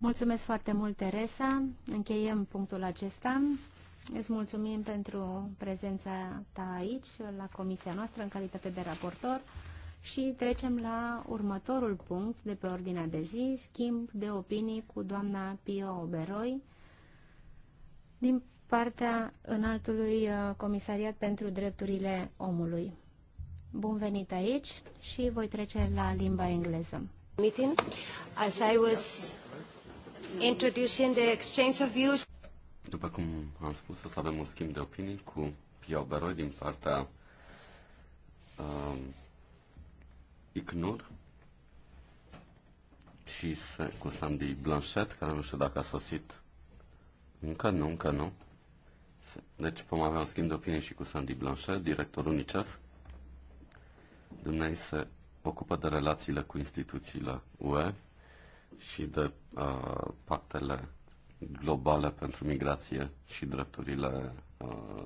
Mulțumesc foarte mult, Teresa. Încheiem punctul acesta. Îți mulțumim pentru prezența ta aici, la comisia noastră, în calitate de raportor. Și trecem la următorul punct de pe ordinea de zi, schimb de opinii cu doamna Pio Oberoi, din partea înaltului uh, comisariat pentru drepturile omului. Bun venit aici și voi trece la limba engleză. Meeting. As I was introducing the exchange of views. După cum am spus, o să avem un schimb de opinii cu Pia Beroi din partea um, ICNUR și cu Sandy Blanchet, care nu știu dacă a sosit. Încă nu, încă nu. Deci vom avea un schimb de opinii și cu Sandy Blanchet, directorul UNICEF. Dumnezeu se ocupă de relațiile cu instituțiile UE și de uh, pactele globale pentru migrație și drepturile uh,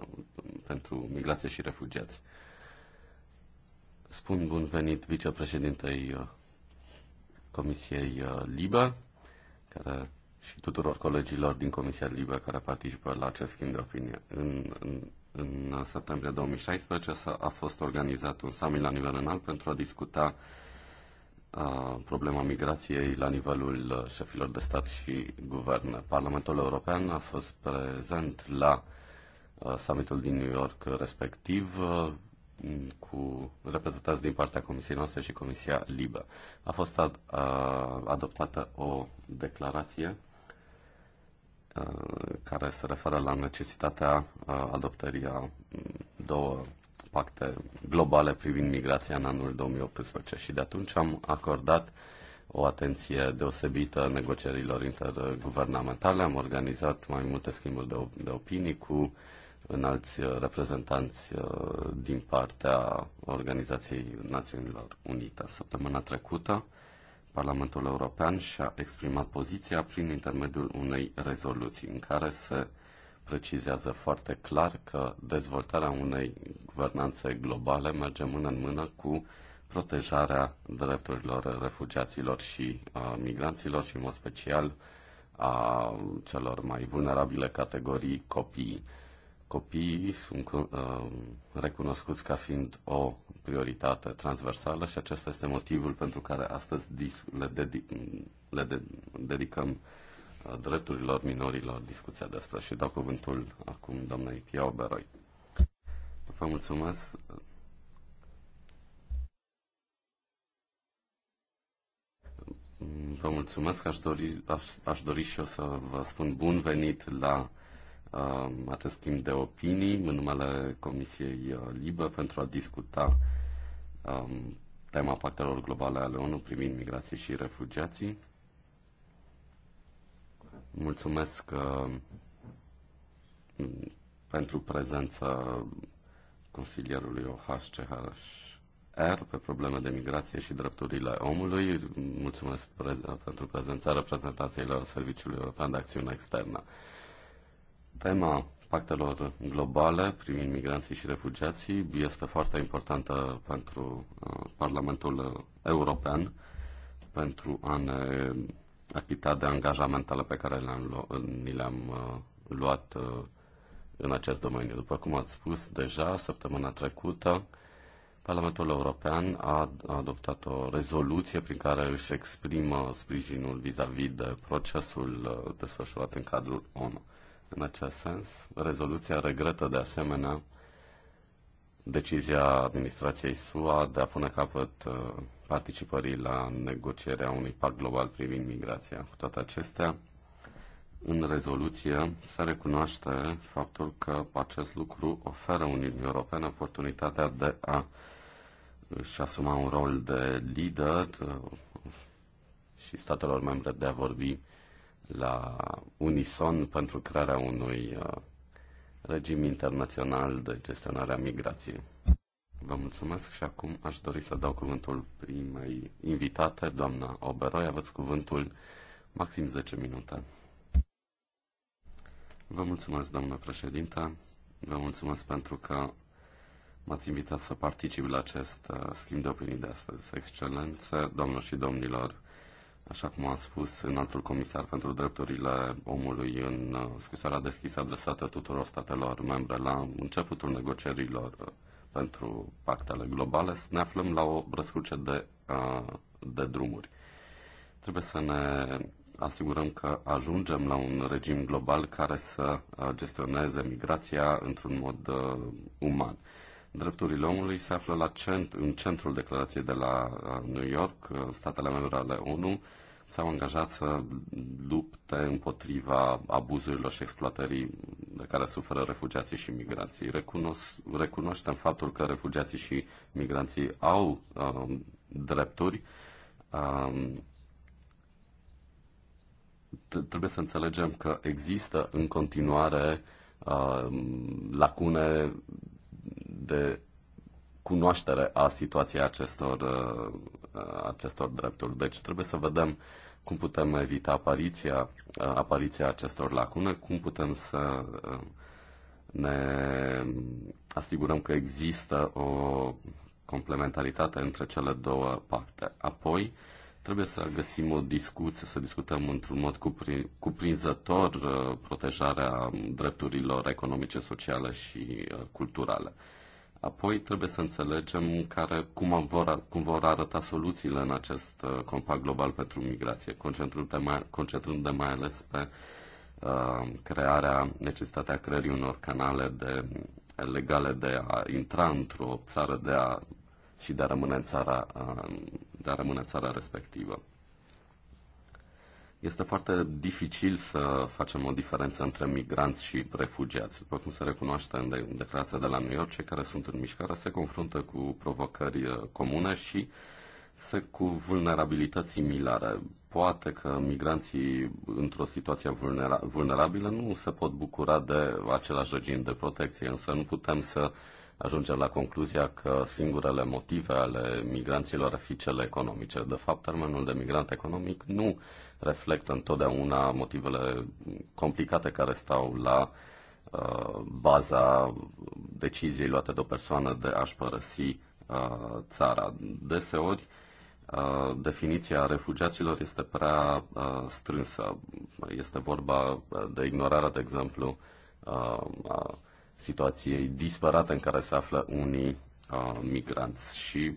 pentru migrație și refugiați. Spun bun venit vicepreședintei Comisiei uh, Libe, care și tuturor colegilor din Comisia Libe care participă la acest schimb de opinie. În, în, în septembrie 2016 a fost organizat un summit la nivel înalt pentru a discuta uh, problema migrației la nivelul uh, șefilor de stat și guvern. Parlamentul European a fost prezent la uh, summitul din New York respectiv uh, cu reprezentanți din partea Comisiei noastre și Comisia Libă. A fost ad, a, adoptată o declarație a, care se referă la necesitatea a, adoptării a două pacte globale privind migrația în anul 2018 și de atunci am acordat o atenție deosebită negocierilor interguvernamentale. Am organizat mai multe schimburi de, de opinii cu înalți reprezentanți uh, din partea Organizației Națiunilor Unite. Săptămâna trecută, Parlamentul European și-a exprimat poziția prin intermediul unei rezoluții în care se precizează foarte clar că dezvoltarea unei guvernanțe globale merge mână în mână cu protejarea drepturilor refugiaților și uh, migranților și, în mod special, a celor mai vulnerabile categorii copii. Copiii sunt uh, recunoscuți ca fiind o prioritate transversală și acesta este motivul pentru care astăzi le, dedic- le de- dedicăm uh, drepturilor minorilor discuția de astăzi și dau cuvântul acum doamnei Pia Oberoi. Vă mulțumesc. Vă mulțumesc, aș dori, aș, aș dori și eu să vă spun bun venit la uh, acest schimb de opinii în numele Comisiei uh, Libă pentru a discuta um, tema pactelor globale ale ONU privind migrație și refugiații. Mulțumesc uh, pentru prezența consilierului OHCHR pe probleme de migrație și drepturile omului. Mulțumesc pre- pentru prezența reprezentațiilor Serviciului European de Acțiune Externă. Tema pactelor globale privind migranții și refugiații este foarte importantă pentru uh, Parlamentul European pentru a ne achitat de angajamentele pe care le-am, ni le-am uh, luat uh, în acest domeniu. După cum ați spus deja, săptămâna trecută, Parlamentul European a adoptat o rezoluție prin care își exprimă sprijinul vis-a-vis -vis de procesul uh, desfășurat în cadrul ONU. În acest sens, rezoluția regretă de asemenea decizia administrației SUA de a pune capăt participării la negocierea unui pact global privind migrația. Cu toate acestea, în rezoluție se recunoaște faptul că acest lucru oferă Uniunii Europene oportunitatea de a își asuma un rol de lider uh, și statelor membre de a vorbi la unison pentru crearea unui uh, regim internațional de gestionare a migrației. Vă mulțumesc și acum aș dori să dau cuvântul primei invitate, doamna Oberoi. Aveți cuvântul maxim 10 minute. Vă mulțumesc, doamnă președinte. Vă mulțumesc pentru că m-ați invitat să particip la acest uh, schimb de opinii de astăzi. Excelențe, doamnelor și domnilor, așa cum a spus în altul comisar pentru drepturile omului în uh, scrisoarea deschisă adresată tuturor statelor membre la începutul negocierilor uh, pentru pactele globale, ne aflăm la o răscruce de, de drumuri. Trebuie să ne asigurăm că ajungem la un regim global care să gestioneze migrația într-un mod uman. Drepturile omului se află la cent- în centrul declarației de la New York, statele membre ale ONU s-au angajat să lupte împotriva abuzurilor și exploatării de care suferă refugiații și migranții. Recunos, recunoaștem faptul că refugiații și migranții au um, drepturi. Um, trebuie să înțelegem că există în continuare um, lacune de cunoaștere a situației acestor, uh, acestor drepturi. Deci trebuie să vedem cum putem evita apariția, uh, apariția acestor lacune, cum putem să uh, ne asigurăm că există o complementaritate între cele două pacte. Apoi, trebuie să găsim o discuție, să discutăm într-un mod cuprinzător protejarea drepturilor economice, sociale și culturale. Apoi trebuie să înțelegem care, cum, vor, cum vor arăta soluțiile în acest uh, compact global pentru migrație, concentrându-ne mai, concentrându mai ales pe uh, crearea, necesitatea creării unor canale de, legale de a intra într-o țară de a, și de a rămâne în țara, uh, de a rămâne în țara respectivă. Este foarte dificil să facem o diferență între migranți și refugiați. După cum se recunoaște în declarația de la New York, cei care sunt în mișcare se confruntă cu provocări uh, comune și se cu vulnerabilități similare. Poate că migranții într-o situație vulnera- vulnerabilă nu se pot bucura de același regim de protecție, însă nu putem să ajungem la concluzia că singurele motive ale migranților ar fi cele economice. De fapt, termenul de migrant economic nu reflectă întotdeauna motivele complicate care stau la uh, baza deciziei luate de o persoană de a-și părăsi uh, țara. Deseori, uh, definiția refugiaților este prea uh, strânsă. Este vorba uh, de ignorarea, de exemplu, uh, a situației disperate în care se află unii migranți și,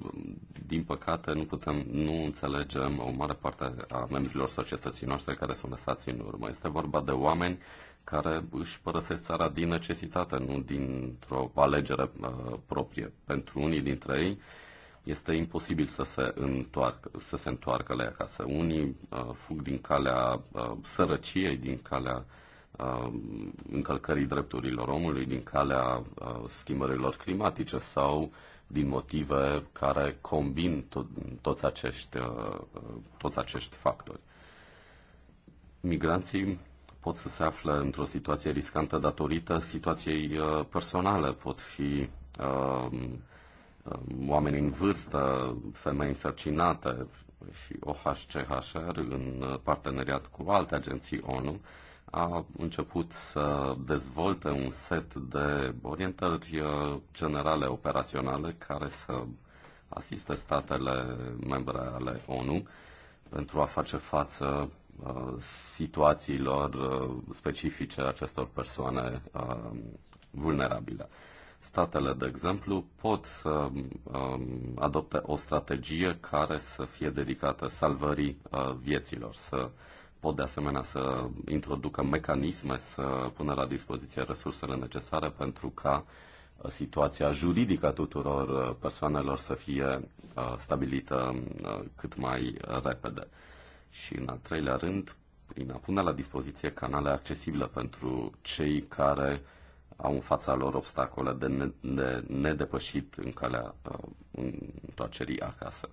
din păcate, nu putem, nu înțelegem o mare parte a membrilor societății noastre care sunt lăsați în urmă. Este vorba de oameni care își părăsesc țara din necesitate, nu dintr-o alegere uh, proprie. Pentru unii dintre ei este imposibil să se întoarcă, să se întoarcă la acasă. Unii uh, fug din calea uh, sărăciei, din calea uh, Um, încălcării drepturilor omului, din calea uh, schimbărilor climatice sau din motive care combin to- toți, acești, uh, uh, toți acești factori. Migranții pot să se afle într-o situație riscantă datorită situației personale, pot fi uh, oameni în vârstă, femei însărcinate și OHCHR în parteneriat cu alte agenții ONU a început să dezvolte un set de orientări uh, generale operaționale care să asiste statele membre ale ONU pentru a face față uh, situațiilor uh, specifice acestor persoane vulnerabile. Statele, de exemplu, pot să um, adopte o strategie care să fie dedicată salvării vieților, să pot de asemenea să introducă mecanisme să pună la dispoziție resursele necesare pentru ca uh, situația juridică a tuturor uh, persoanelor să fie uh, stabilită cât mai repede. Și în al treilea rând, prin a pune la dispoziție canale accesibile pentru cei care au în fața lor obstacole de nedepășit în calea întoarcerii acasă.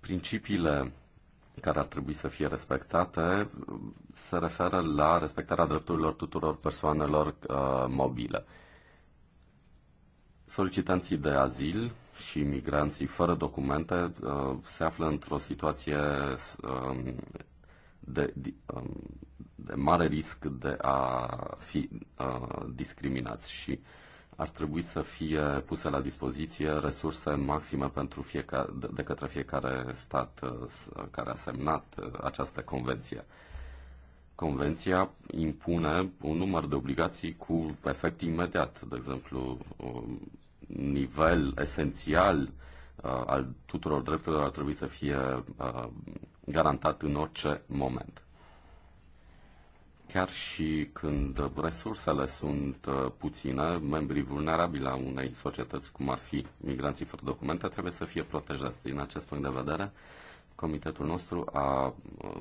Principiile care ar trebui să fie respectate se referă la respectarea drepturilor tuturor persoanelor uh, mobile. Solicitanții de azil și migranții fără documente uh, se află într-o situație uh, de, uh, de mare risc de a fi uh, discriminați și uh, ar trebui să fie puse la dispoziție resurse maxime pentru fiecare, de către fiecare stat uh, care a semnat uh, această convenție. Convenția impune un număr de obligații cu efect imediat, de exemplu, nivel esențial uh, al tuturor drepturilor ar trebui să fie garantat în orice moment. Chiar și când resursele sunt uh, puține, membrii vulnerabili a unei societăți, cum ar fi migranții fără documente, trebuie să fie protejați. Din acest punct de vedere, comitetul nostru a uh,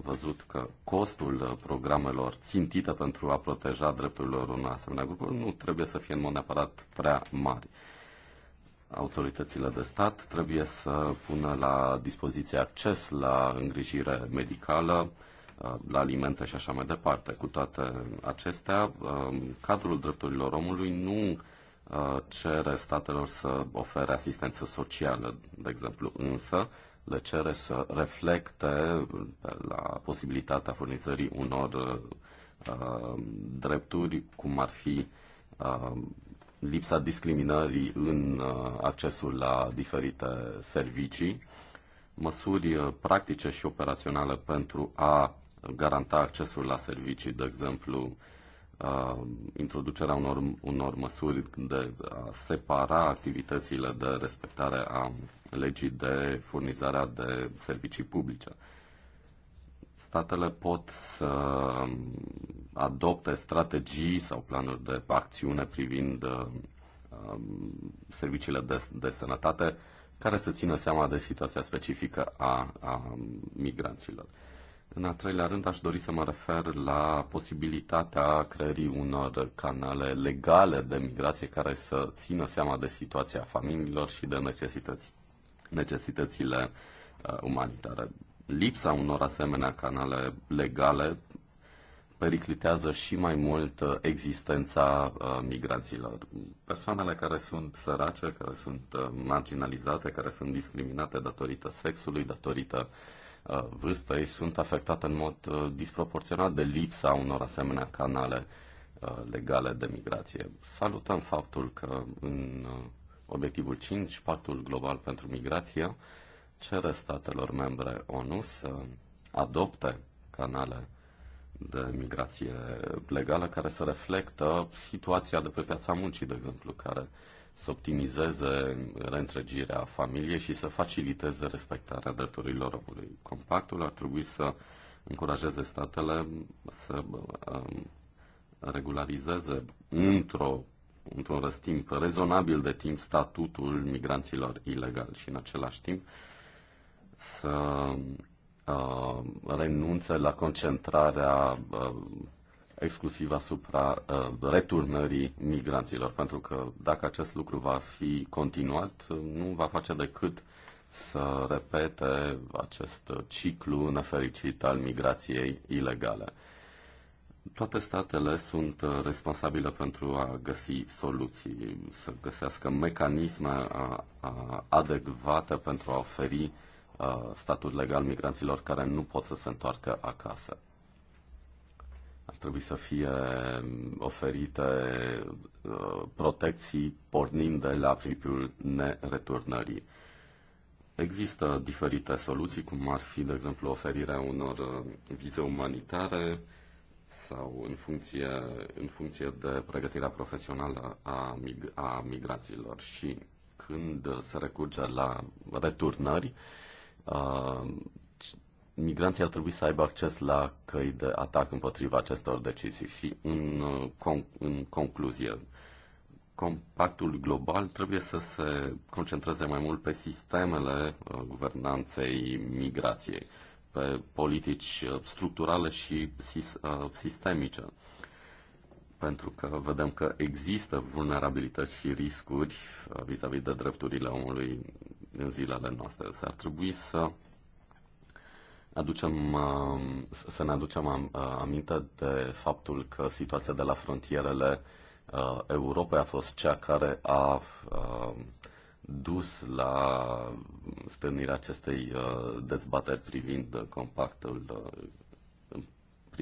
văzut că costul uh, programelor țintite pentru a proteja drepturile unor asemenea grupuri nu trebuie să fie în mod neapărat prea mari. Autoritățile de stat trebuie să pună la dispoziție acces la îngrijire medicală, la alimente și așa mai departe. Cu toate acestea, um, cadrul drepturilor omului nu uh, cere statelor să ofere asistență socială, de exemplu, însă le cere să reflecte la posibilitatea furnizării unor uh, uh, drepturi, cum ar fi lipsa discriminării în accesul la diferite servicii, măsuri practice și operaționale pentru a garanta accesul la servicii, de exemplu, introducerea unor, unor măsuri de a separa activitățile de respectare a legii de furnizarea de servicii publice. Statele pot să adopte strategii sau planuri de acțiune privind serviciile de, de sănătate care să țină seama de situația specifică a, a migranților. În a treilea rând, aș dori să mă refer la posibilitatea creării unor canale legale de migrație care să țină seama de situația familiilor și de necesități, necesitățile uh, umanitare. Lipsa unor asemenea canale legale periclitează și mai mult uh, existența uh, migrațiilor. Persoanele care sunt sărace, care sunt uh, marginalizate, care sunt discriminate datorită sexului, datorită uh, Uh, vârstei sunt afectate în mod uh, disproporționat de lipsa unor asemenea canale uh, legale de migrație. Salutăm faptul că în obiectivul 5, Pactul Global pentru Migrație, cere statelor membre ONU să adopte canale de migrație legală care să reflectă situația de pe piața muncii, de exemplu, care să optimizeze reîntregirea familiei și să faciliteze respectarea drepturilor omului. Compactul ar trebui să încurajeze statele să um, regularizeze într-o într-un răstimp rezonabil de timp statutul migranților ilegali și în același timp să Uh, renunță la concentrarea uh, exclusiv asupra uh, returnării migranților, pentru că dacă acest lucru va fi continuat, uh, nu va face decât să repete acest ciclu nefericit al migrației ilegale. Toate statele sunt uh, responsabile pentru a găsi soluții, să găsească mecanisme adecvate pentru a oferi statut legal migranților care nu pot să se întoarcă acasă. Ar trebui să fie oferite uh, protecții pornind de la principiul nereturnării. Există diferite soluții, cum ar fi, de exemplu, oferirea unor uh, vize umanitare sau în funcție, în funcție de pregătirea profesională a, mig- a migraților. Și când se recurge la returnări, uh, uh, migranții ar trebui să aibă acces la căi de atac împotriva acestor decizii. Și în, uh, con- în concluzie, compactul global trebuie să se concentreze mai mult pe sistemele uh, guvernanței migrației, pe politici uh, structurale și sistemice pentru că vedem că există vulnerabilități și riscuri uh, vis-a-vis -vis de drepturile omului în zilele noastre. S-ar trebui să aducem, um, să ne aducem uh, aminte de faptul că situația de la frontierele uh, Europei a fost cea care a dus la stârnirea acestei dezbateri privind compactul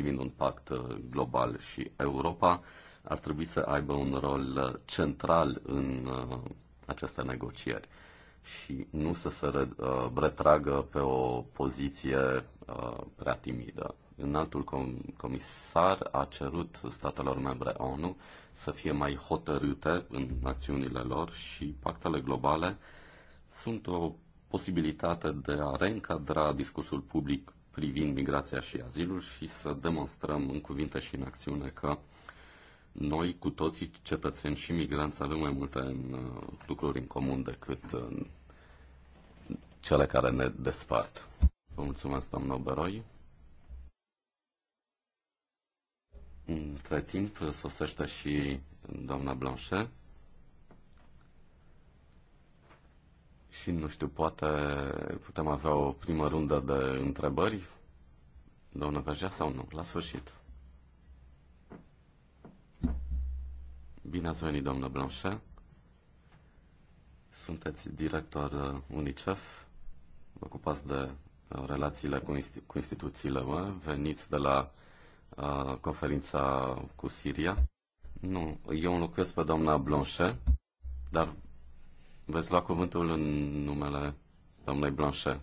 privind un pact uh, global și Europa ar trebui să aibă un rol uh, central în uh, aceste negocieri și nu să se retragă pe o poziție prea timidă. Înaltul altul, comisar a cerut statelor membre ONU să fie mai hotărâte în acțiunile lor și pactele globale sunt o posibilitate de a reîncadra discursul public privind migrația și azilul și să demonstrăm în cuvinte și în acțiune că noi cu toții, cetățeni și migranți, avem mai multe în, uh, lucruri în comun decât în uh, cele care ne despart. Vă mulțumesc, doamnă Oberoi. Între timp sosește și doamna Blanchet. Și nu știu, poate putem avea o primă rundă de întrebări, doamnă Vergea, sau nu, la sfârșit. Bine ați venit, doamnă Blanchet. Sunteți director uh, UNICEF, vă ocupați de uh, relațiile cu, institu- cu instituțiile, mă. veniți de la uh, conferința cu Siria. Nu, eu înlocuiesc pe doamna Blanchet, dar Veți lua cuvântul în numele doamnei Blanchet.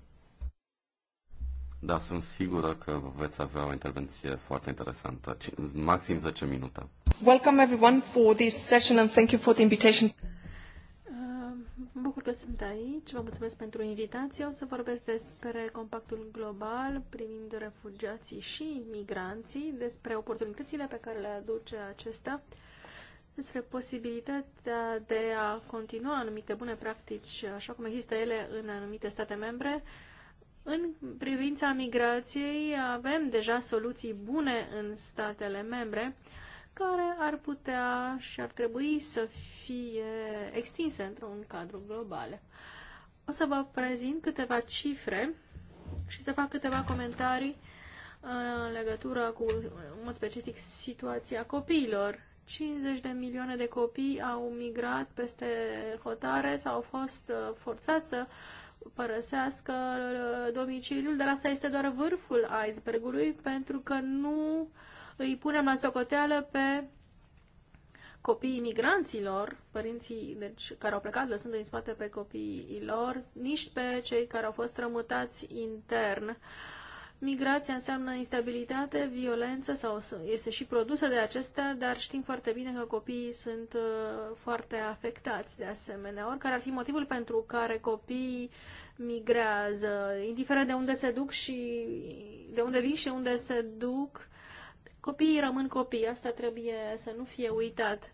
Da, sunt sigură că veți avea o intervenție foarte interesantă, maxim 10 minute. Welcome everyone for this session and thank you for the invitation. Uh, mă bucur că sunt aici, vă mulțumesc pentru invitație. O să vorbesc despre compactul global privind refugiații și migranții, despre oportunitățile pe care le aduce acesta despre posibilitatea de a continua anumite bune practici, așa cum există ele în anumite state membre. În privința migrației avem deja soluții bune în statele membre care ar putea și ar trebui să fie extinse într-un cadru global. O să vă prezint câteva cifre și să fac câteva comentarii în legătură cu, în mod specific, situația copiilor 50 de milioane de copii au migrat peste hotare sau au fost uh, forțați să părăsească uh, domiciliul, dar asta este doar vârful icebergului, pentru că nu îi punem la socoteală pe copiii migranților, părinții deci, care au plecat lăsând în spate pe copiii lor, nici pe cei care au fost rămutați intern. Uh, Migrația înseamnă instabilitate, violență sau este și produsă de acestea, dar știm foarte bine că copiii sunt uh, foarte afectați de asemenea. Oricare ar fi motivul pentru care copiii migrează, indiferent de unde se duc și de unde vin și unde se duc, copiii rămân copii. Asta trebuie să nu fie uitat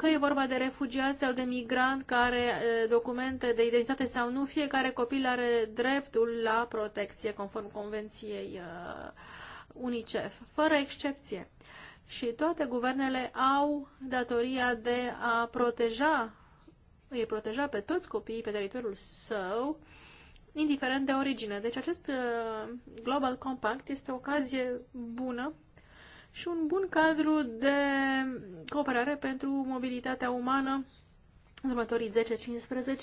că e vorba de refugiați sau de migranți care documente de identitate sau nu, fiecare copil are dreptul la protecție conform Convenției UNICEF, fără excepție. Și toate guvernele au datoria de a proteja, îi proteja pe toți copiii pe teritoriul său, indiferent de origine. Deci acest Global Compact este o ocazie bună și un bun cadru de cooperare pentru mobilitatea umană în următorii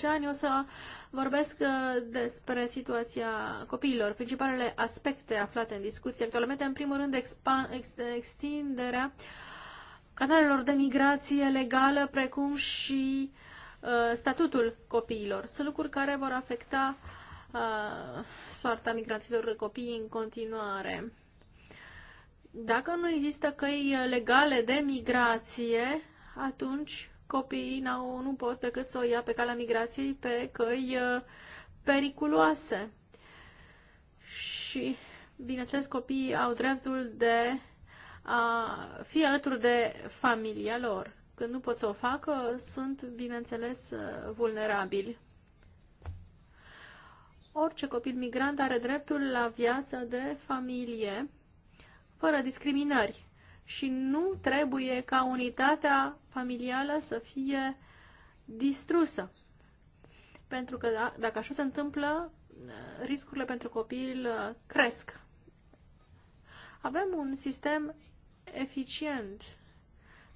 10-15 ani o să vorbesc uh, despre situația copiilor, principalele aspecte aflate în discuție actualmente, în primul rând extinderea canalelor de migrație legală, precum și uh, statutul copiilor. Sunt lucruri care vor afecta uh, soarta migranților copiii în continuare. Dacă nu există căi uh, legale de migrație, atunci copiii -au, nu pot decât să o ia pe calea migrației pe căi uh, periculoase. Și, bineînțeles, copiii au dreptul de a fi alături de familia lor. Când nu pot să o facă, sunt, bineînțeles, uh, vulnerabili. Orice copil migrant are dreptul la viață de familie fără discriminări și nu trebuie ca unitatea familială să fie distrusă. Pentru că da, dacă așa se întâmplă, riscurile pentru copil uh, cresc. Avem un sistem eficient.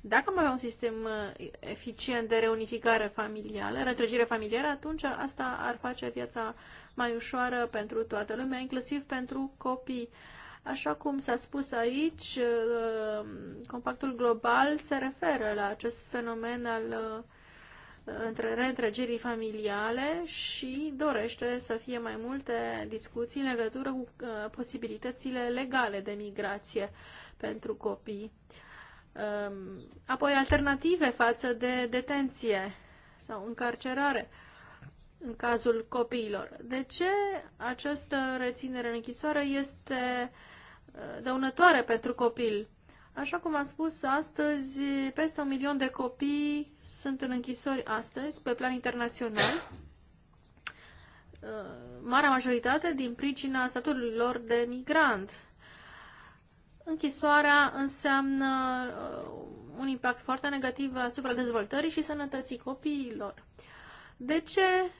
Dacă am avea un sistem uh, eficient de reunificare familială, retrăgire familială atunci asta ar face viața mai ușoară pentru toată lumea, inclusiv pentru copii. Așa cum s-a spus aici, uh, compactul global se referă la acest fenomen al uh, între reîntregirii familiale și dorește să fie mai multe discuții în legătură cu uh, posibilitățile legale de migrație pentru copii. Um, apoi alternative față de detenție sau încarcerare în cazul copiilor. De ce această reținere în închisoare este Uh, dăunătoare pentru copil. Așa cum am spus, astăzi peste un milion de copii sunt în închisori astăzi, pe plan internațional. Uh, marea majoritate din pricina statului lor de migrant. Închisoarea înseamnă uh, un impact foarte negativ asupra dezvoltării și sănătății copiilor. De ce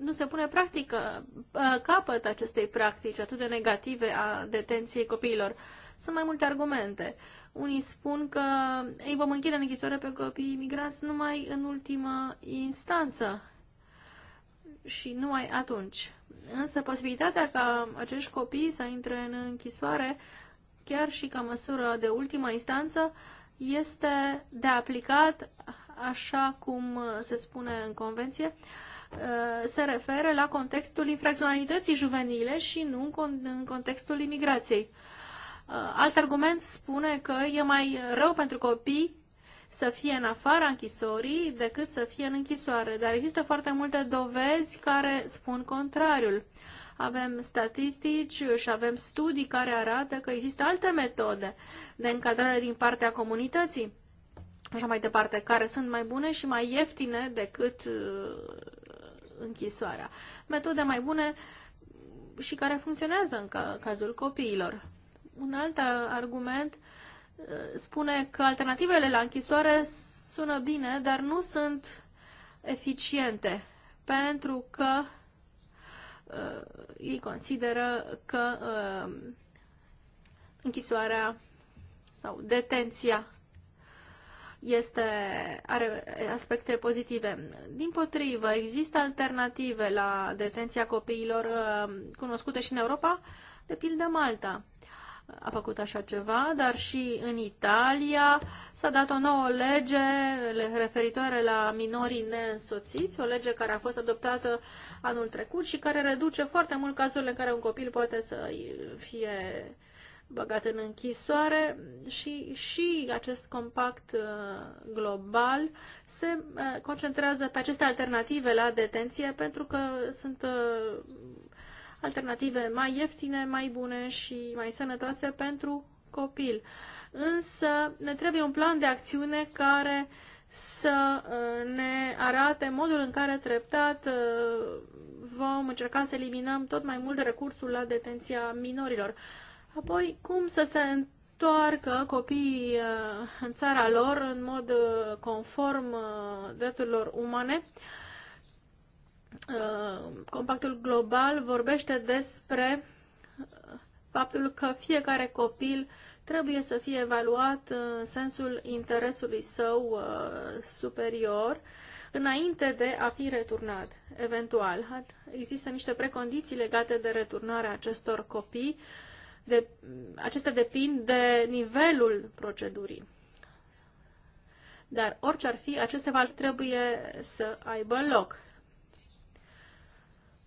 nu se pune practică, uh, capăt acestei practici atât de negative a detenției copiilor. Sunt mai multe argumente. Unii spun că ei vom închide în închisoare pe copiii migranți numai în ultimă instanță și numai atunci. Însă posibilitatea ca acești copii să intre în închisoare, chiar și ca măsură de ultimă instanță, este de aplicat, așa cum se spune în convenție, uh, Uh, se referă la contextul infracționalității juvenile și nu în contextul imigrației. Uh, alt argument spune că e mai rău pentru copii să fie în afara închisorii decât să fie în închisoare, dar există foarte multe dovezi care spun contrariul. Avem statistici și avem studii care arată că există alte metode de încadrare din partea comunității, așa mai departe, care sunt mai bune și mai ieftine decât uh, închisoarea. Metode mai bune și care funcționează în cazul copiilor. Un alt argument uh, spune că alternativele la închisoare sună bine, dar nu sunt eficiente, pentru că uh, ei consideră că uh, închisoarea sau detenția este, are aspecte pozitive. Din potrivă, există alternative la detenția copiilor uh, cunoscute și în Europa, de pildă Malta a făcut așa ceva, dar și în Italia s-a dat o nouă lege referitoare la minorii neînsoțiți, o lege care a fost adoptată anul trecut și care reduce foarte mult cazurile în care un copil poate să fie băgat în închisoare și, și acest compact uh, global se uh, concentrează pe aceste alternative la detenție pentru că sunt uh, alternative mai ieftine, mai bune și mai sănătoase pentru copil. Însă ne trebuie un plan de acțiune care să ne arate modul în care treptat vom încerca să eliminăm tot mai mult recursul la detenția minorilor. Apoi, cum să se întoarcă copiii uh, în țara lor în mod uh, conform uh, drepturilor umane? Compactul global vorbește despre faptul că fiecare copil trebuie să fie evaluat în sensul interesului său superior înainte de a fi returnat, eventual. Există niște precondiții legate de returnarea acestor copii de, acestea depind de nivelul procedurii. Dar orice ar fi, aceste valori trebuie să aibă loc.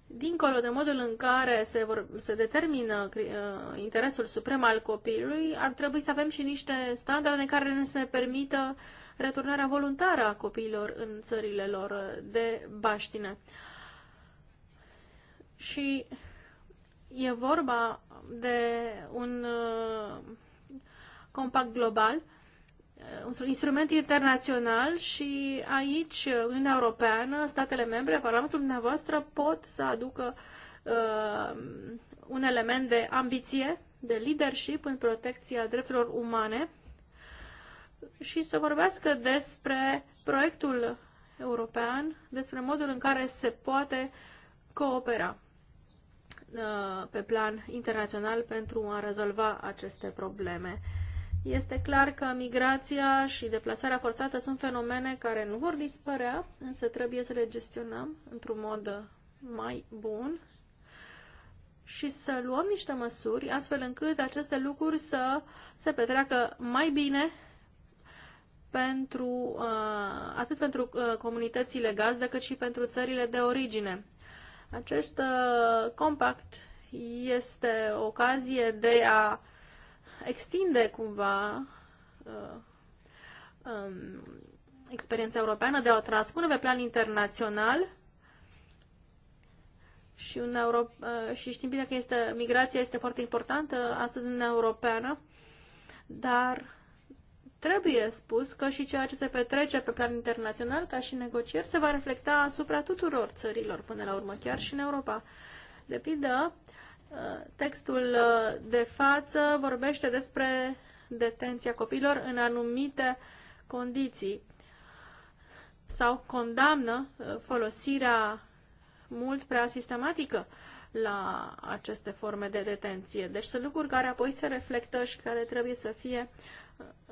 Dincolo de modul în care se, vor, se determină uh, interesul suprem al copilului, ar trebui să avem și niște standarde care ne se permită returnarea voluntară a copiilor în țările lor de baștine. Și E vorba de un uh, compact global, uh, un instrument internațional și aici uh, Uniunea Europeană, statele membre, Parlamentul dumneavoastră pot să aducă uh, un element de ambiție, de leadership în protecția drepturilor umane și să vorbească despre proiectul european, despre modul în care se poate coopera. Uh, pe plan internațional pentru a rezolva aceste probleme. Este clar că migrația și deplasarea forțată sunt fenomene care nu vor dispărea, însă trebuie să le gestionăm într-un mod mai bun și să luăm niște măsuri astfel încât aceste lucruri să se petreacă mai bine pentru, uh, atât pentru uh, comunitățile gazdă cât și pentru țările de origine. Acest uh, compact este ocazie de a extinde cumva uh, um, experiența europeană, de a o transpune pe plan internațional și, un Euro- uh, și știm bine că este, migrația este foarte importantă astăzi în Europeană, dar Trebuie spus că și ceea ce se petrece pe plan internațional ca și negocieri se va reflecta asupra tuturor țărilor, până la urmă, chiar și în Europa. De pildă, uh, textul uh, de față vorbește despre detenția copiilor în anumite condiții sau condamnă uh, folosirea mult prea sistematică la aceste forme de detenție. Deci sunt lucruri care apoi se reflectă și care trebuie să fie uh,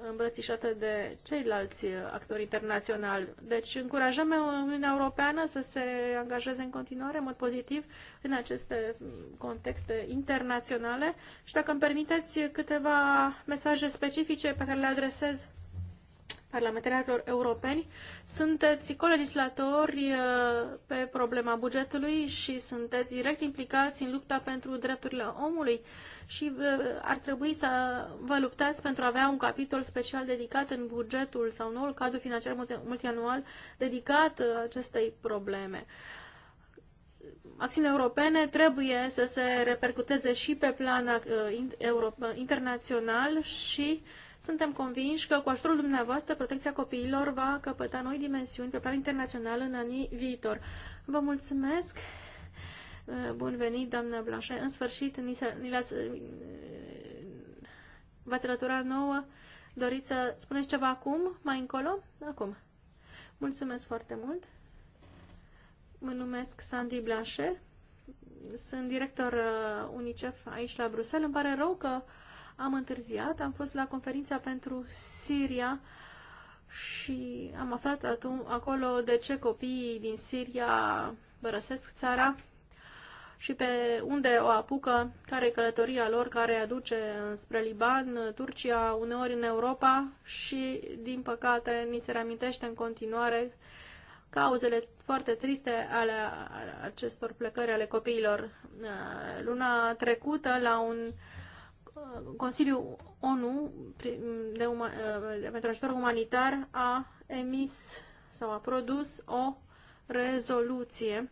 îmbrățișată de ceilalți actori internaționali. Deci încurajăm Uniunea Europeană să se angajeze în continuare în mod pozitiv în aceste contexte internaționale și dacă îmi permiteți câteva mesaje specifice pe care le adresez parlamentarilor europeni. Sunteți colegislatori uh, pe problema bugetului și sunteți direct implicați în lupta pentru drepturile omului și uh, ar trebui să vă luptați pentru a avea un capitol special dedicat în bugetul sau noul cadru financiar multianual dedicat uh, acestei probleme acțiunile europene trebuie să se repercuteze și pe plan internațional și suntem convinși că cu ajutorul dumneavoastră protecția copiilor va căpăta noi dimensiuni pe plan internațional în anii viitor. Vă mulțumesc! Bun venit, doamnă Blanche. În sfârșit, ni l-ați, v-ați alăturat nouă. Doriți să spuneți ceva acum, mai încolo? Acum. Mulțumesc foarte mult. Mă numesc Sandy Blanche. Sunt director uh, UNICEF aici la Bruxelles. Îmi pare rău că uh, am întârziat, am fost la conferința pentru Siria și am aflat atunci, acolo de ce copiii din Siria părăsesc țara și pe unde o apucă, care e călătoria lor, care aduce spre Liban, Turcia, uneori în Europa și, din păcate, ni se reamintește în continuare cauzele foarte triste ale acestor plecări ale copiilor. Luna trecută, la un Uh, Consiliul ONU de uma, uh, pentru ajutor umanitar a emis sau a produs o rezoluție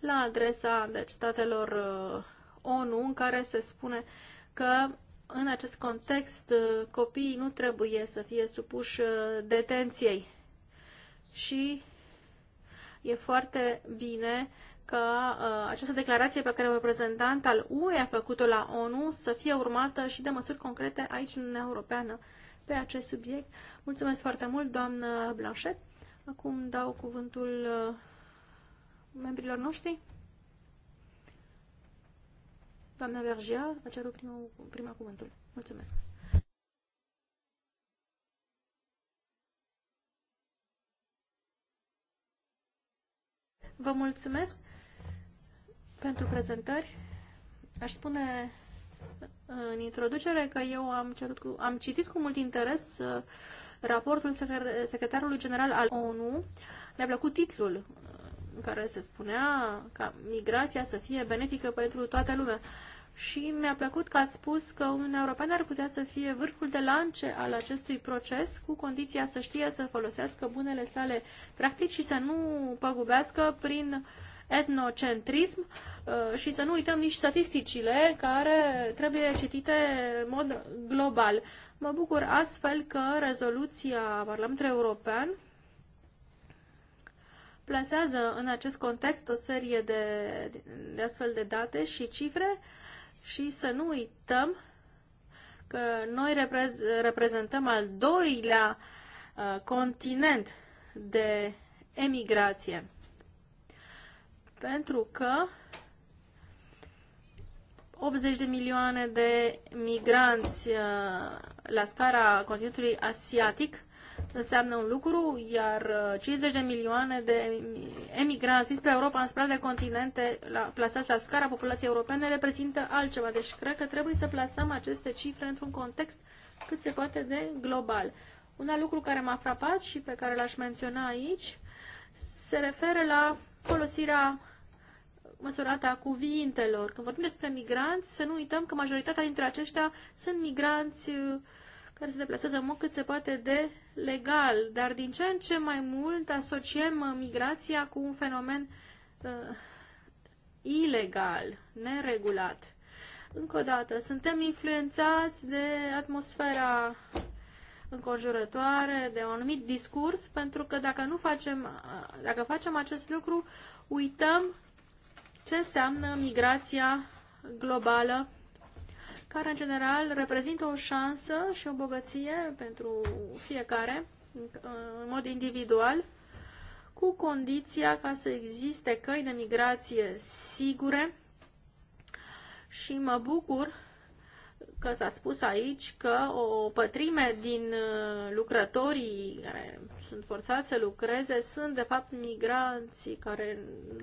la adresa deci, statelor uh, ONU în care se spune că în acest context copiii nu trebuie să fie supuși detenției și e foarte bine uh, că uh, această declarație pe care un reprezentant al UE a făcut-o la ONU să fie urmată și de măsuri concrete aici în Uniunea Europeană pe acest subiect. Mulțumesc foarte mult, doamnă Blanchet. Acum dau cuvântul uh, membrilor noștri. Doamna Vergia a cerut primul, prima cuvântul. Mulțumesc. Vă mulțumesc pentru prezentări. Aș spune în introducere că eu am, cerut cu, am citit cu mult interes uh, raportul secretarului general al ONU. Mi-a plăcut titlul uh, în care se spunea ca migrația să fie benefică pentru toată lumea. Și mi-a plăcut că ați spus că Uniunea Europeană ar putea să fie vârful de lance al acestui proces, cu condiția să știe să folosească bunele sale practici și să nu păgubească prin uh, etnocentrism uh, și să nu uităm nici statisticile care trebuie citite în mod global. Mă bucur astfel că rezoluția Parlamentului European plasează în acest context o serie de, de astfel de date și cifre și să nu uităm că noi reprez, reprezentăm al doilea uh, continent de emigrație pentru că 80 de milioane de migranți uh, la scara continentului asiatic înseamnă un lucru, iar 50 uh, de milioane de emigranți dinspre Europa înspre alte continente la, plasați la scara populației europene reprezintă altceva. Deci cred că trebuie să plasăm aceste cifre într-un context cât se poate de global. Un alt lucru care m-a frapat și pe care l-aș menționa aici se referă la folosirea măsurată a cuvintelor. Când vorbim despre migranți, să nu uităm că majoritatea dintre aceștia sunt migranți uh, care se deplasează mult cât se poate de legal, dar din ce în ce mai mult asociem uh, migrația cu un fenomen uh, ilegal, neregulat. Încă o dată, suntem influențați de atmosfera înconjurătoare, de un anumit discurs, pentru că dacă nu facem, uh, dacă facem acest lucru, uităm ce înseamnă migrația globală, care în general reprezintă o șansă și o bogăție pentru fiecare, în mod individual, cu condiția ca să existe căi de migrație sigure și mă bucur că s-a spus aici că o pătrime din uh, lucrătorii care sunt forțați să lucreze sunt, de fapt, migranții care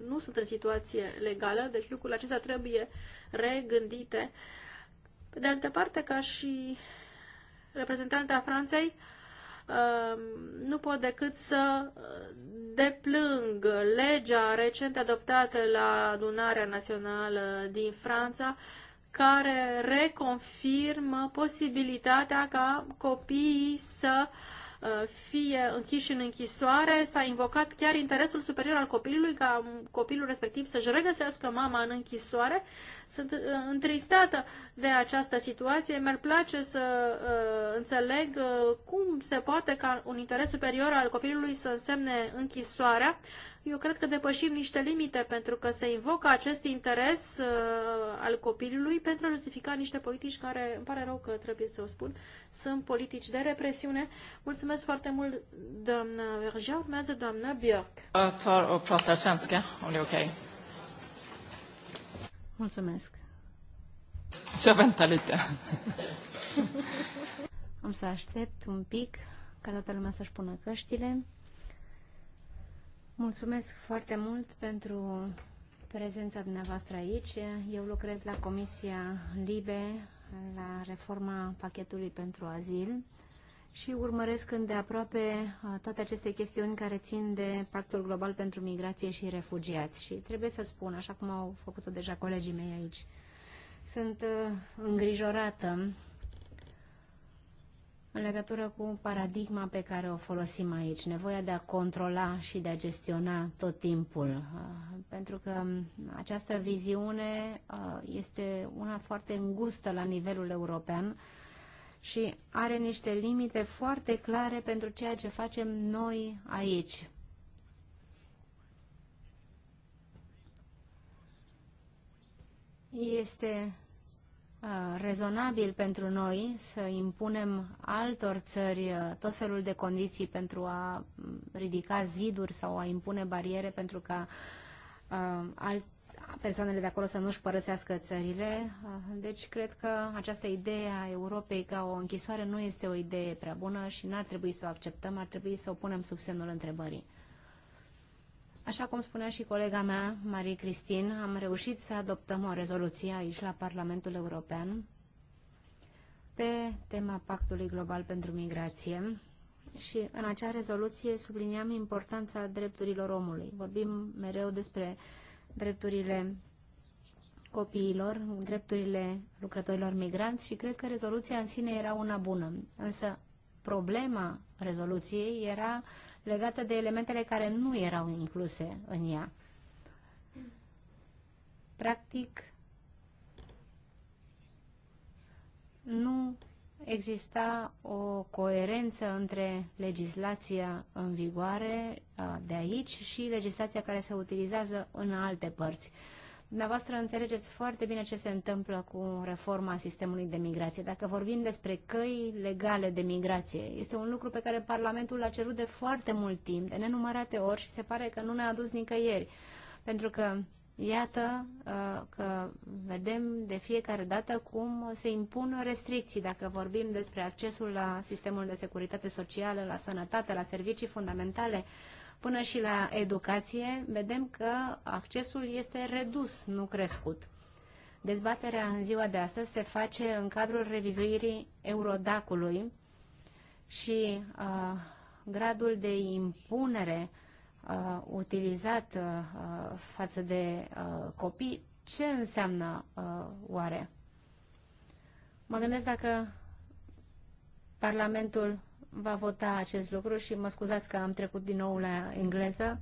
nu sunt în situație legală, deci lucrurile acestea trebuie regândite. Pe de altă parte, ca și reprezentanta Franței, uh, nu pot decât să uh, deplâng legea recent adoptată la adunarea națională din Franța, care reconfirmă posibilitatea ca copiii să uh, fie închiși în închisoare. S-a invocat chiar interesul superior al copilului ca copilul respectiv să-și regăsească mama în închisoare. Sunt uh, întristată de această situație. Mi-ar place să uh, înțeleg uh, cum se poate ca un interes superior al copilului să însemne închisoarea. Eu cred că depășim niște limite pentru că se invocă acest interes al copilului pentru a justifica niște politici care, îmi pare rău că trebuie să o spun, sunt politici de represiune. Mulțumesc foarte mult, doamna Vergea. Urmează doamna Björk. Uh, tar och svenska, om det är Okay. Mulțumesc. Să venta lite. Am să aștept un pic ca toată lumea să-și pună căștile. Mulțumesc foarte mult pentru prezența dumneavoastră aici. Eu lucrez la Comisia LIBE, la reforma pachetului pentru azil și urmăresc îndeaproape uh, toate aceste chestiuni care țin de Pactul Global pentru Migrație și Refugiați. Și trebuie să spun, așa cum au făcut-o deja colegii mei aici, sunt uh, îngrijorată în legătură cu paradigma pe care o folosim aici, nevoia de a controla și de a gestiona tot timpul. Uh, pentru că um, această viziune este una foarte îngustă la nivelul european, și are niște limite foarte clare pentru ceea ce facem noi aici. Este uh, rezonabil pentru noi să impunem altor țări uh, tot felul de condiții pentru a mm, ridica ziduri sau a impune bariere pentru ca uh, alt, persoanele de acolo să nu-și părăsească țările. Ah, deci cred că această idee a Europei ca o închisoare nu este o idee prea bună și n-ar trebui să o acceptăm, ar trebui să o punem sub semnul întrebării. Așa cum spunea și colega mea, Marie Cristin, am reușit să adoptăm o rezoluție aici la Parlamentul European pe tema Pactului Global pentru Migrație și în acea rezoluție subliniam importanța drepturilor omului. Vorbim mereu despre uh, drepturile copiilor, drepturile lucrătorilor migranți și cred că rezoluția în sine era una bună. Însă problema rezoluției era legată de elementele care nu erau incluse în ea. Practic, nu exista o coerență între legislația în vigoare de aici și legislația care se utilizează în alte părți. Dumneavoastră înțelegeți foarte bine ce se întâmplă cu reforma sistemului de migrație. Dacă vorbim despre căi legale de migrație, este un lucru pe care Parlamentul l-a cerut de foarte mult timp, de nenumărate ori și se pare că nu ne-a adus nicăieri. Pentru că Iată uh, că vedem de fiecare dată cum se impun restricții dacă vorbim despre accesul la sistemul de securitate socială, la sănătate, la servicii fundamentale, până și la educație, vedem că accesul este redus, nu crescut. Dezbaterea în ziua de astăzi se face în cadrul revizuirii Eurodacului și uh, gradul de impunere uh, utilizat uh, față de uh, copii, ce înseamnă uh, oare? Mă gândesc dacă Parlamentul va vota acest lucru și mă scuzați că am trecut din nou la engleză.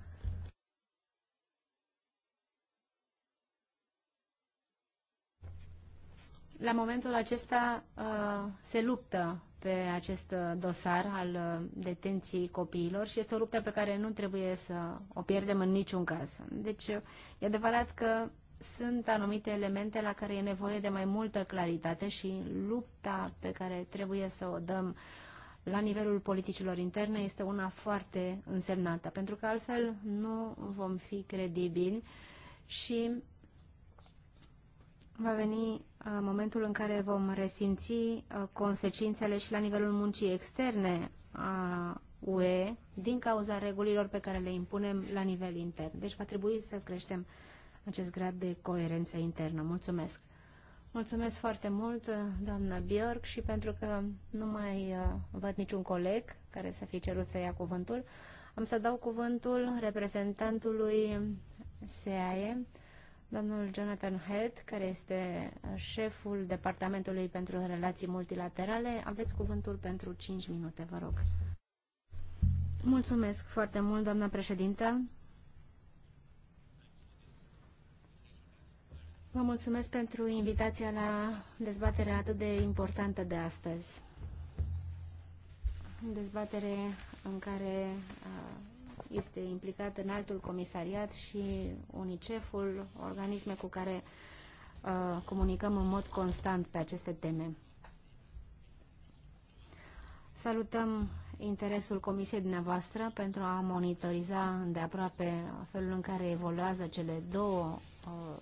La momentul acesta uh, se luptă pe acest uh, dosar al uh, detenției copiilor și este o luptă pe care nu trebuie să o pierdem în niciun caz. Deci, e adevărat că sunt anumite elemente la care e nevoie de mai multă claritate și lupta pe care trebuie să o dăm la nivelul politicilor interne este una foarte însemnată, pentru că altfel nu vom fi credibili și va veni momentul în care vom resimți uh, consecințele și la nivelul muncii externe a UE din cauza regulilor pe care le impunem la nivel intern. Deci va trebui să creștem acest grad de coerență internă. Mulțumesc! Mulțumesc foarte mult, uh, doamna Björk. și pentru că nu mai uh, văd niciun coleg care să fi cerut să ia cuvântul, am să dau cuvântul reprezentantului SEAE, domnul Jonathan Head, care este șeful Departamentului pentru Relații Multilaterale. Aveți cuvântul pentru 5 minute, vă rog. Mulțumesc foarte mult, doamna președintă. Vă mulțumesc pentru invitația la dezbaterea atât de importantă de astăzi. Dezbatere în care este implicat în altul comisariat și UNICEF-ul, organisme cu care uh, comunicăm în mod constant pe aceste teme. Salutăm interesul comisiei dumneavoastră pentru a monitoriza de aproape felul în care evoluează cele două uh,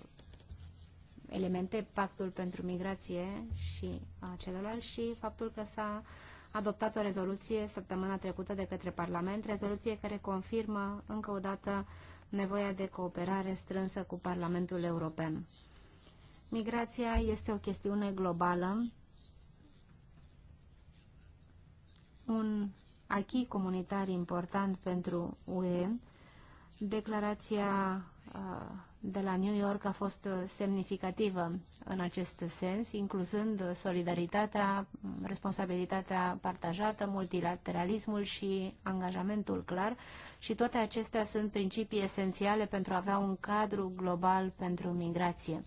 elemente, pactul pentru migrație și uh, celălalt și faptul că s-a uh, adoptat o rezoluție săptămâna trecută de către Parlament, rezoluție care confirmă încă o dată nevoia de cooperare strânsă cu Parlamentul European. Migrația este o chestiune globală. Un achii comunitar important pentru UE, declarația uh, de la New York a fost uh, semnificativă în acest sens, incluzând solidaritatea, responsabilitatea partajată, multilateralismul și angajamentul clar și toate acestea sunt principii esențiale pentru a avea un cadru global pentru migrație.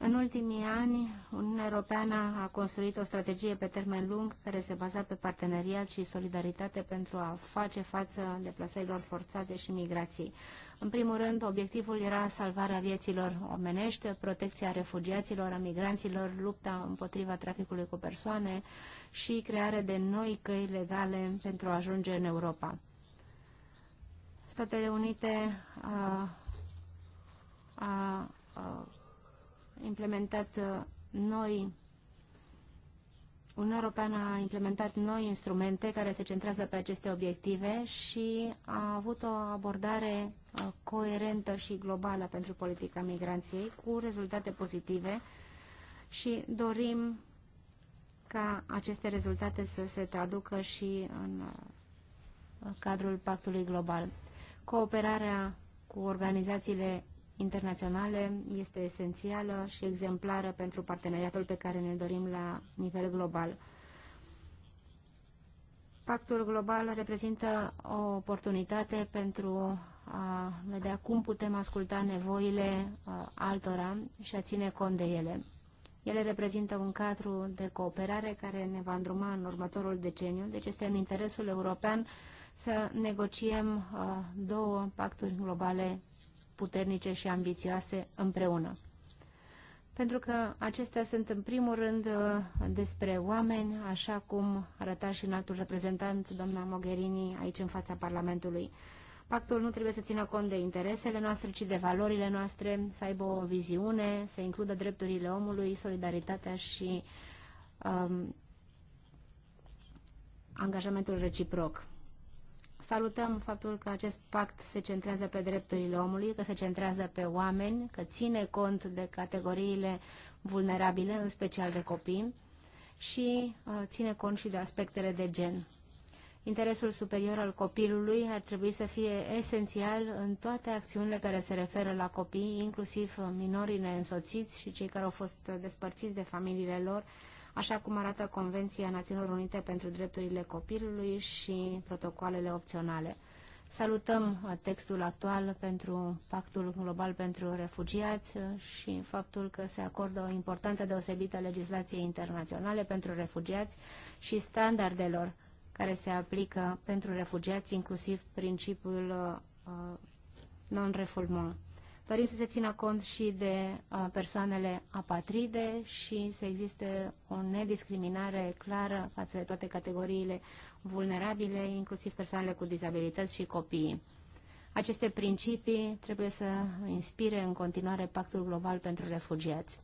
În ultimii ani, Uniunea Europeană a construit o strategie pe termen lung care se baza pe parteneriat și solidaritate pentru a face față deplasărilor forțate și migrației. În primul rând, obiectivul era salvarea vieților omenești, protecția refugiaților, a migranților, lupta împotriva traficului cu persoane și crearea de noi căi legale pentru a ajunge în Europa. Statele Unite a, a, a implementat uh, noi Uniunea Europeană a implementat noi instrumente care se centrează pe aceste obiective și a avut o abordare uh, coerentă și globală pentru politica migranției cu rezultate pozitive și dorim ca aceste rezultate să se traducă și în uh, cadrul pactului global. Cooperarea cu organizațiile internaționale este esențială și exemplară pentru parteneriatul pe care ne dorim la nivel global. Pactul global reprezintă o oportunitate pentru a vedea cum putem asculta nevoile altora și a ține cont de ele. Ele reprezintă un cadru de cooperare care ne va îndruma în următorul deceniu, deci este în interesul european să negociem două pacturi globale puternice și ambițioase împreună. Pentru că acestea sunt în primul rând uh, despre oameni, așa cum arăta și în altul reprezentant, doamna Mogherini, aici în fața Parlamentului. Pactul nu trebuie să țină cont de interesele noastre, ci de valorile noastre, să aibă o viziune, să includă drepturile omului, solidaritatea și um, angajamentul reciproc. Salutăm faptul că acest pact se centrează pe drepturile omului, că se centrează pe oameni, că ține cont de categoriile vulnerabile, în special de copii, și uh, ține cont și de aspectele de gen. Interesul superior al copilului ar trebui să fie esențial în toate acțiunile care se referă la copii, inclusiv minorii neînsoțiți și cei care au fost uh, despărțiți de familiile lor, așa cum arată Convenția Națiunilor Unite pentru Drepturile Copilului și protocoalele opționale. Salutăm uh, textul actual pentru Pactul Global pentru Refugiați uh, și faptul că se acordă o importanță deosebită legislației internaționale pentru refugiați și standardelor care se aplică pentru refugiați, inclusiv principiul uh, uh non-refoulement. Dorim să se țină cont și de uh, persoanele apatride și să existe o nediscriminare clară față de toate categoriile vulnerabile, inclusiv persoanele cu dizabilități și copiii. Aceste principii trebuie să inspire în continuare Pactul Global pentru Refugiați.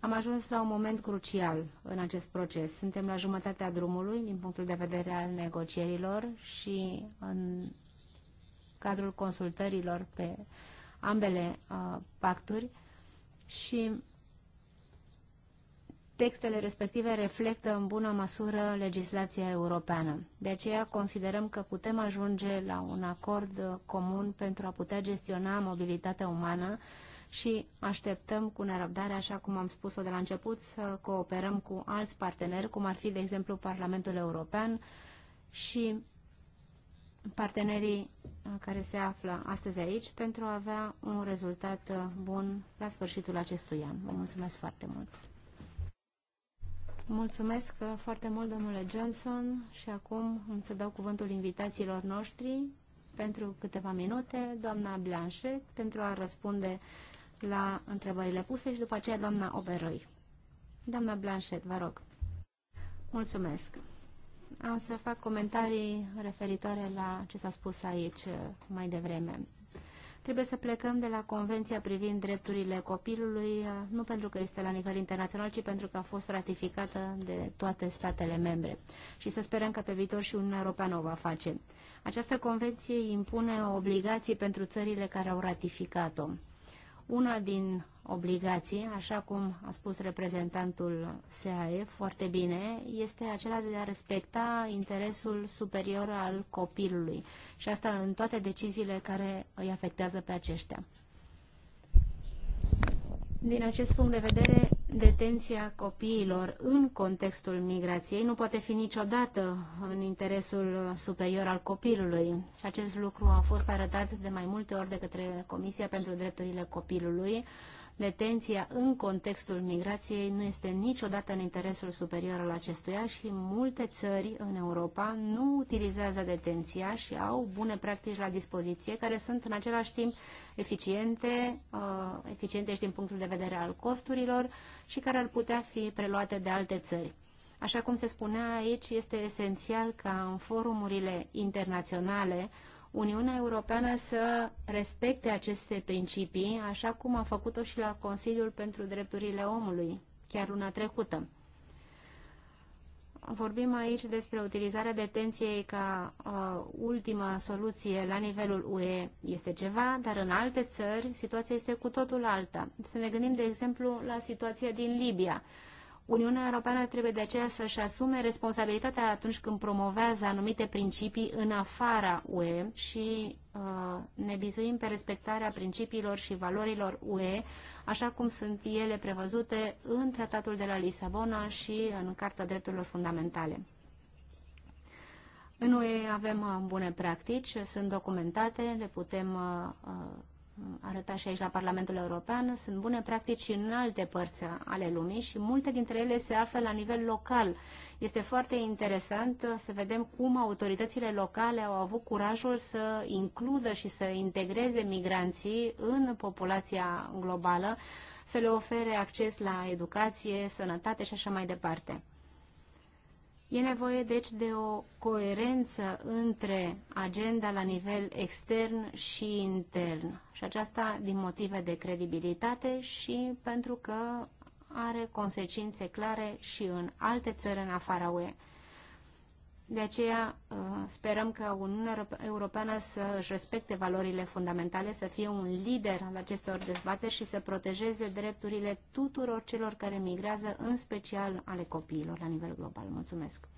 Am ajuns la un moment crucial în acest proces. Suntem la jumătatea drumului din punctul de vedere al negocierilor și în cadrul consultărilor pe ambele uh, pacturi și textele respective reflectă în bună măsură legislația europeană. De aceea considerăm că putem ajunge la un acord uh, comun pentru a putea gestiona mobilitatea umană și așteptăm cu nerăbdare, așa cum am spus-o de la început, să cooperăm cu alți parteneri, cum ar fi, de exemplu, Parlamentul European și partenerii uh, care se află astăzi aici pentru a avea un rezultat uh, bun la sfârșitul acestui an. Vă mulțumesc foarte mult! Mulțumesc uh, foarte mult, domnule Johnson, și acum îmi să dau cuvântul invitațiilor noștri pentru câteva minute, doamna Blanchet, pentru a răspunde la întrebările puse și după aceea doamna Oberoi. Doamna Blanchet, vă rog. Mulțumesc am să fac comentarii referitoare la ce s-a spus aici uh, mai devreme. Trebuie să plecăm de la Convenția privind drepturile copilului, uh, nu pentru că este la nivel internațional, ci pentru că a fost ratificată de toate statele membre. Și să sperăm că pe viitor și Uniunea Europeană o va face. Această convenție impune obligații pentru țările care au ratificat-o. Una din obligații, așa cum a spus reprezentantul SAE foarte bine, este acela de a respecta interesul superior al copilului și asta în toate deciziile care îi afectează pe aceștia. Din acest punct de vedere, detenția copiilor în contextul migrației nu poate fi niciodată în interesul superior al copilului. Și acest lucru a fost arătat de mai multe ori de către Comisia pentru Drepturile Copilului detenția în contextul migrației nu este niciodată în interesul superior al acestuia și multe țări în Europa nu utilizează detenția și au bune practici la dispoziție care sunt în același timp eficiente, uh, eficiente și din punctul de vedere al costurilor și care ar putea fi preluate de alte țări. Așa cum se spunea aici, este esențial ca în forumurile internaționale Uniunea Europeană să respecte aceste principii, așa cum a făcut-o și la Consiliul pentru Drepturile Omului, chiar luna trecută. Vorbim aici despre utilizarea detenției ca uh, ultima soluție la nivelul UE. Este ceva, dar în alte țări situația este cu totul alta. Să ne gândim, de exemplu, la situația din Libia. Uh, Uniunea Europeană trebuie de aceea să-și asume responsabilitatea atunci când promovează anumite principii în afara UE și uh, ne bizuim pe respectarea principiilor și valorilor UE, așa cum sunt ele prevăzute în Tratatul de la Lisabona și în Carta Drepturilor Fundamentale. În UE avem uh, bune practici, sunt documentate, le putem uh, uh arăta și aici la Parlamentul European, sunt bune practici în alte părți ale lumii și multe dintre ele se află la nivel local. Este foarte interesant să vedem cum autoritățile locale au avut curajul să includă și să integreze migranții în populația globală, să le ofere acces la educație, sănătate și așa mai departe. E nevoie, deci, de o coerență între agenda la nivel extern și intern. Și aceasta din motive de credibilitate și pentru că are consecințe clare și în alte țări în afara UE. De aceea uh, sperăm că Uniunea Europeană să își respecte valorile fundamentale, să fie un lider al acestor dezbateri și să protejeze drepturile tuturor celor care migrează, în special ale copiilor la nivel global. Mulțumesc!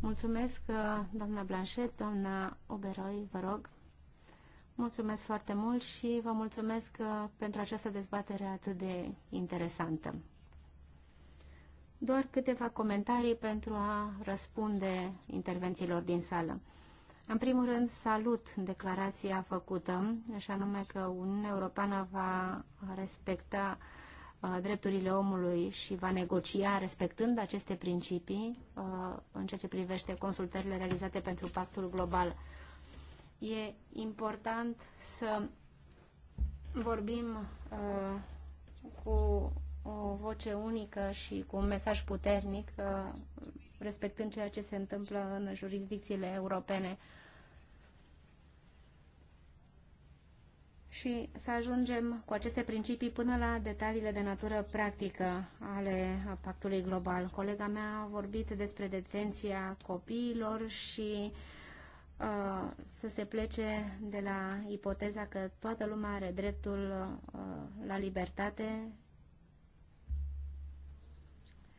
Mulțumesc, uh, doamna Blanchet, doamna Oberoi, vă rog. Mulțumesc foarte mult și vă mulțumesc uh, pentru această dezbatere atât de interesantă. Doar câteva comentarii pentru a răspunde intervențiilor din sală. În primul rând, salut declarația făcută, așa anume că Uniunea Europeană va respecta uh, drepturile omului și va negocia respectând aceste principii uh, în ceea ce privește consultările realizate pentru pactul global. E important să vorbim uh, cu o voce unică și cu un mesaj puternic, uh, respectând ceea ce se întâmplă în jurisdicțiile europene. și să ajungem cu aceste principii până la detaliile de natură practică ale pactului global. Colega mea a vorbit despre detenția copiilor și uh, să se plece de la ipoteza că toată lumea are dreptul uh, la libertate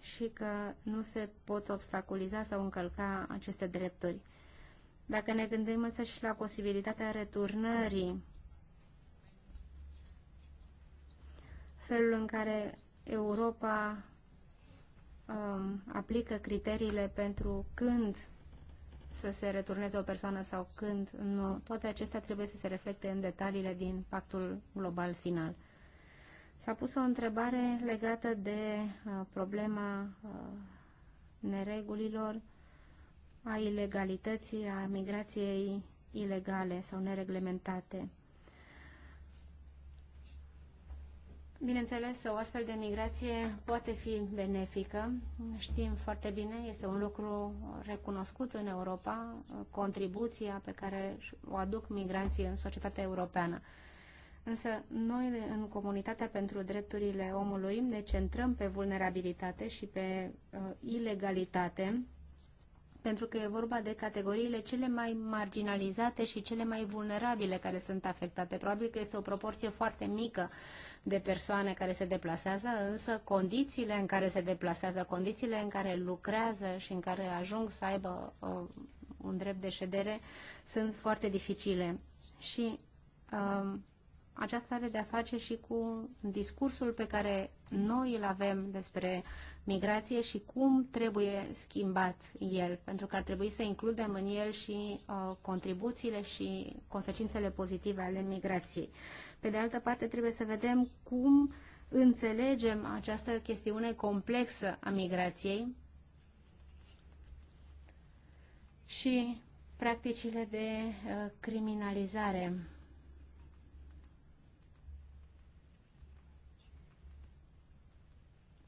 și că nu se pot obstaculiza sau încălca aceste drepturi. Dacă ne gândim însă și la posibilitatea returnării, felul în care Europa um, aplică criteriile pentru când să se returneze o persoană sau când nu, toate acestea trebuie să se reflecte în detaliile din pactul global final. S-a pus o întrebare legată de uh, problema uh, neregulilor, a ilegalității, a migrației ilegale sau nereglementate. Bineînțeles, o astfel de migrație poate fi benefică. Știm foarte bine, este un lucru recunoscut în Europa, uh, contribuția pe care o aduc migranții în societatea europeană. Însă noi în Comunitatea pentru Drepturile Omului ne deci centrăm pe vulnerabilitate și pe uh, ilegalitate, pentru că e vorba de categoriile cele mai marginalizate și cele mai vulnerabile care sunt afectate. Probabil că este o proporție foarte mică de persoane care se deplasează, însă condițiile în care se deplasează, condițiile în care lucrează și în care ajung să aibă uh, un drept de ședere sunt foarte dificile. Și uh, aceasta are de-a face și cu discursul pe care noi îl avem despre migrație și cum trebuie schimbat el, pentru că ar trebui să includem în el și uh, contribuțiile și consecințele pozitive ale migrației. Pe de altă parte, trebuie să vedem cum înțelegem această chestiune complexă a migrației și practicile de uh, criminalizare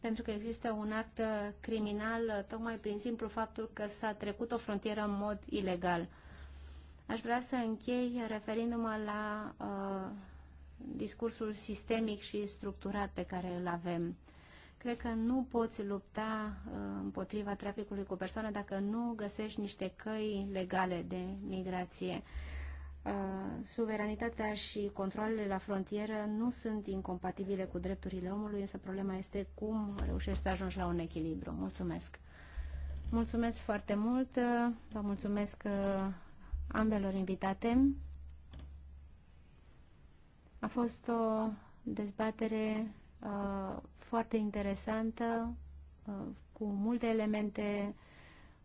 pentru că există un act uh, criminal uh, tocmai prin simplu faptul că s-a trecut o frontieră în mod ilegal. Aș vrea să închei referindu-mă la uh, discursul sistemic și structurat pe care îl avem. Cred că nu poți lupta uh, împotriva traficului cu persoane dacă nu găsești niște căi legale de migrație. Uh, Uh, suveranitatea și controlele la frontieră nu sunt incompatibile cu drepturile omului, însă problema este cum reușești să ajungi la un echilibru. Mulțumesc! Mulțumesc foarte mult, uh, vă mulțumesc uh, ambelor invitate. A fost o dezbatere uh, foarte interesantă, uh, cu multe elemente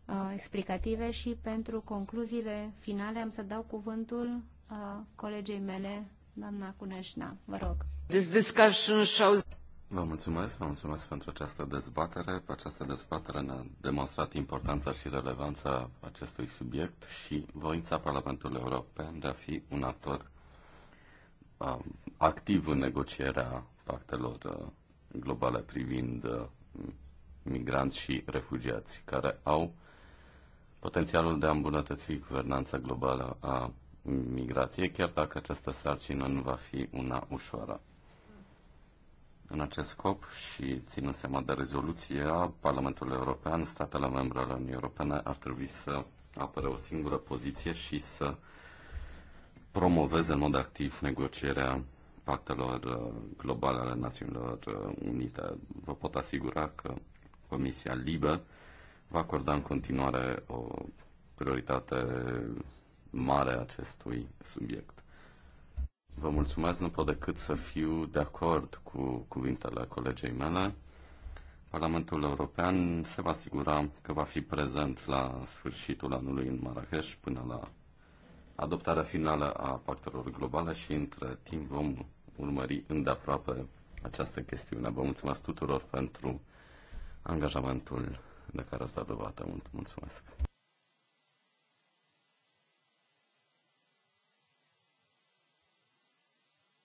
Uh, explicative și pentru concluziile finale am să dau cuvântul uh, colegei mele, doamna Cuneșna. Vă rog. Vă mulțumesc, vă mulțumesc pentru această dezbatere. Această dezbatere ne-a demonstrat importanța și relevanța acestui subiect și voința Parlamentului European de a fi un actor uh, activ în negocierea pactelor uh, globale privind uh, migranți și refugiați care au potențialul de a îmbunătăți guvernanța globală a migrației, chiar dacă această sarcină nu va fi una ușoară. În acest scop și ținând seama de rezoluția Parlamentului European, statele membre ale Uniunii Europene ar trebui să apere o singură poziție și să promoveze în mod activ negocierea pactelor uh, globale ale Națiunilor Unite. Vă pot asigura că Comisia Libe va acorda în continuare o prioritate mare acestui subiect. Vă mulțumesc, nu pot decât să fiu de acord cu cuvintele colegei mele. Parlamentul European se va asigura că va fi prezent la sfârșitul anului în Marrakesh până la adoptarea finală a pactelor globale și între timp vom urmări îndeaproape această chestiune. Vă mulțumesc tuturor pentru angajamentul de care ați dat dovadă. Mulțumesc!